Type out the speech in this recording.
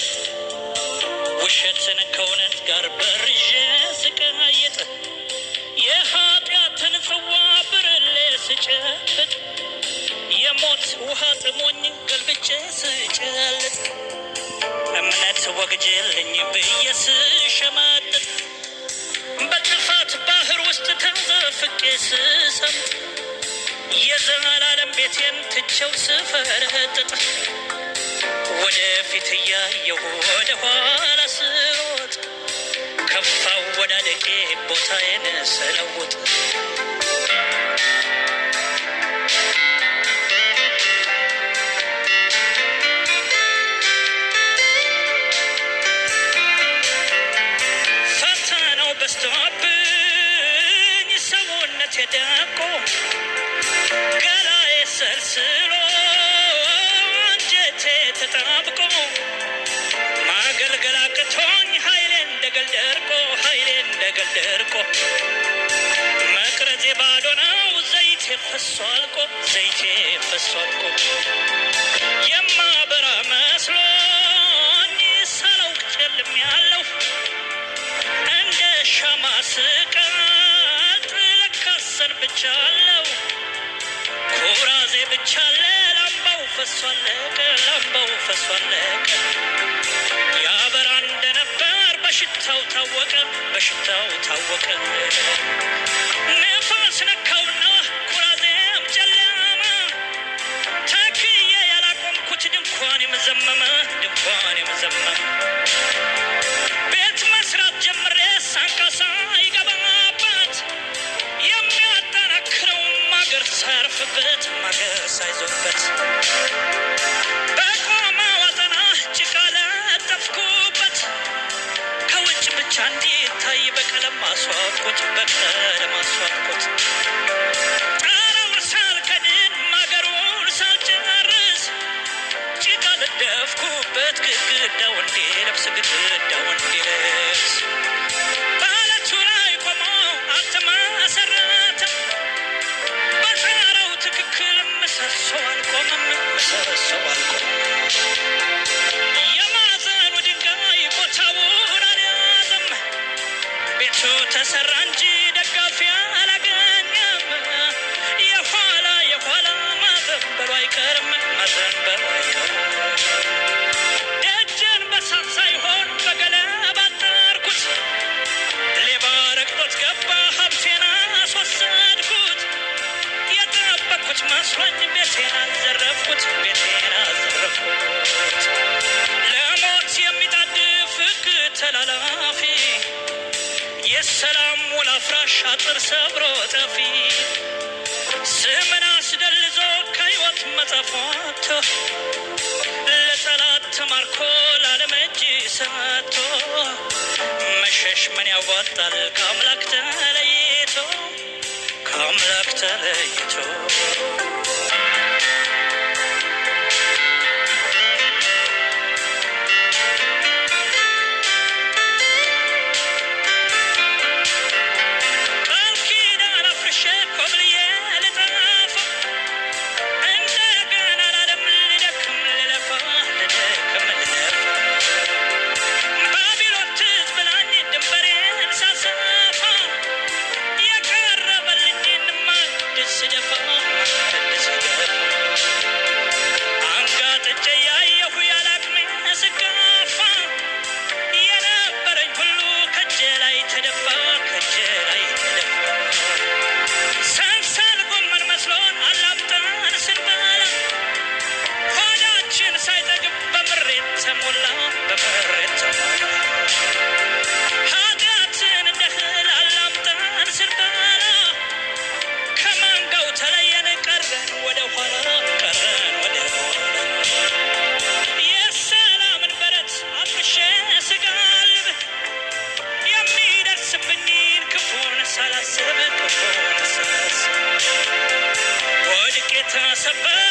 ነበር ውሸትን ከእውነት ጋር በርዤ ስቀየጥ የኃጢአትን ጽዋ ብርሌ ስጨብጥ የሞት ውሃ ጥሞኝ ገልብጬ ስጨልጥ እምነት ወግጄልኝ ብዬ ስሸማጥጥ በጥፋት ባህር ውስጥ ተንዘፍቄ ስሰምጥ የዘላለም ቤቴን ትቼው ስፈረጥጥ ወደፊት እያየሁ ወደ ኋላ ስሮጥ ከፋ ወዳደቄ ቦታዬን ስለውጥ ደርቆ ኃይሌ እንደገል ደርቆ መቅረዜ ባዶ ነው ዘይቴ ፈሶ አልቆ ዘይቴ ፈሶ አልቆ የማበራ መስሎኝ ሳላውቅ ጨልም ያለው እንደ ሻማ ስቀጥ ለካሰን ብቻ አለው ኩራዜ ብቻ አለ ላምባው ፈሶ አለቀ ላምባው ፈሶ አለቀ ያበራ ታው ታወቀ፣ በሽታው ታወቀ። ነፋስ ነካውና ኩራዜም ጨለመ። ታክዬ ያላቆምኩት ድንኳን የመዘመመ ድንኳን የመዘመመ ቤት መስራት ጀምሬ ሳንቃሳ ይገባባት የሚያጠናክረው ማገር ሳያርፍበት ማገር ሳይዞበት ብቻ እንዲታይ በቀለም ማስዋብኮት በቀለም ማስዋብኮት ተሰራ እንጂ አፍራሽ አጥር ሰብሮ ጠፊ ስምን አስደልዞ ከሕይወት መጠፋቶ ለጠላት ተማርኮ ላለመጅ ሰቶ መሸሽ ምን ያዋጣል ከአምላክ ተለይቶ ከአምላክ ተለይቶ seja famoso. to burn.